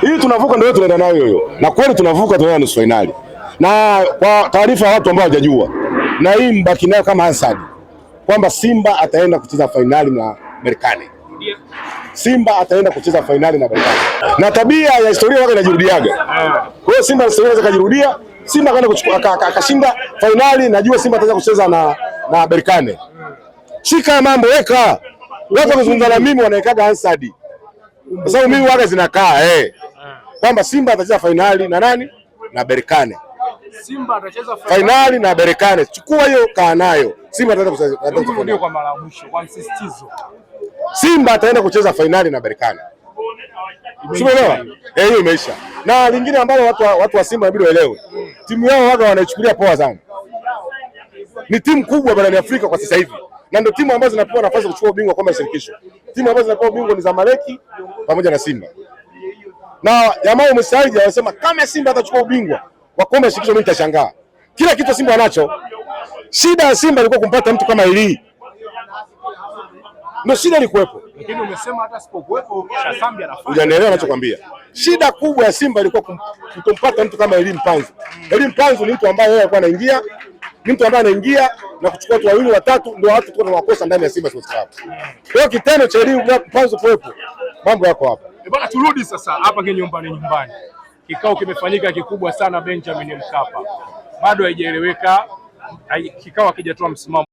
Hii tunavuka ndio tunaenda nayo hiyo. Na kweli tunavuka tunaenda nusu finali. Na kwa taarifa ya watu ambao hawajajua. Na hii mbaki nayo kama hasadi kwamba Simba ataenda kucheza finali na Marekani. Simba ataenda kucheza finali na Marekani. Na tabia ya historia yake inajirudiaga. Kwa hiyo Simba historia inaweza kujirudia. Simba kaenda kuchukua akashinda fainali, najua Simba ataanza kucheza na na Berkane. Shika mambo weka. Watu wakizungumza na mimi wanaekaga hasadi. Kwa sababu mimi waga zinakaa eh, eh. kwamba Simba atacheza fainali na nani na Berkane. Simba atacheza fainali na Berkane, chukua hiyo, kaa nayo. Simba ataenda kwa kwa mara ya mwisho, Simba ataenda kucheza fainali na Berkane, umeelewa? Eh, hiyo imeisha. Na lingine ambalo watu, watu wa Simba inabidi waelewe, timu yao waga wanaichukulia poa sana. Ni timu kubwa barani Afrika kwa sasa hivi na ndio timu ambazo zinapewa nafasi kuchukua ubingwa kwa mashirikisho. Timu ambazo zinapewa ubingwa ni Zamaleki, pamoja na Simba na jamaa Musaidi anasema kama Simba atachukua ubingwa wa kombe la shirikisho mimi nitashangaa. Kila kitu Simba anacho. Shida ya Simba ilikuwa kumpata mtu kama Eli. Ndio shida ilikuwepo. Lakini umesema hata sipokuwepo Shasambi anafanya. Unanielewa ninachokwambia? Shida kubwa ya Simba ilikuwa kutompata mtu kama Eli Mpanzu. Eli Mpanzu ni mtu ambaye yeye alikuwa anaingia, ni mtu ambaye anaingia na kuchukua watu wawili watatu ndio watu tuko na makosa ndani ya Simba Sports Club. Kwa hiyo kitendo cha Eli Mpanzu kuwepo mambo yako hapa eh, bana. Turudi sasa hapa kinyumbani nyumbani, kikao kimefanyika kikubwa sana Benjamin Mkapa, bado haijaeleweka, kikao hakijatoa msimamo.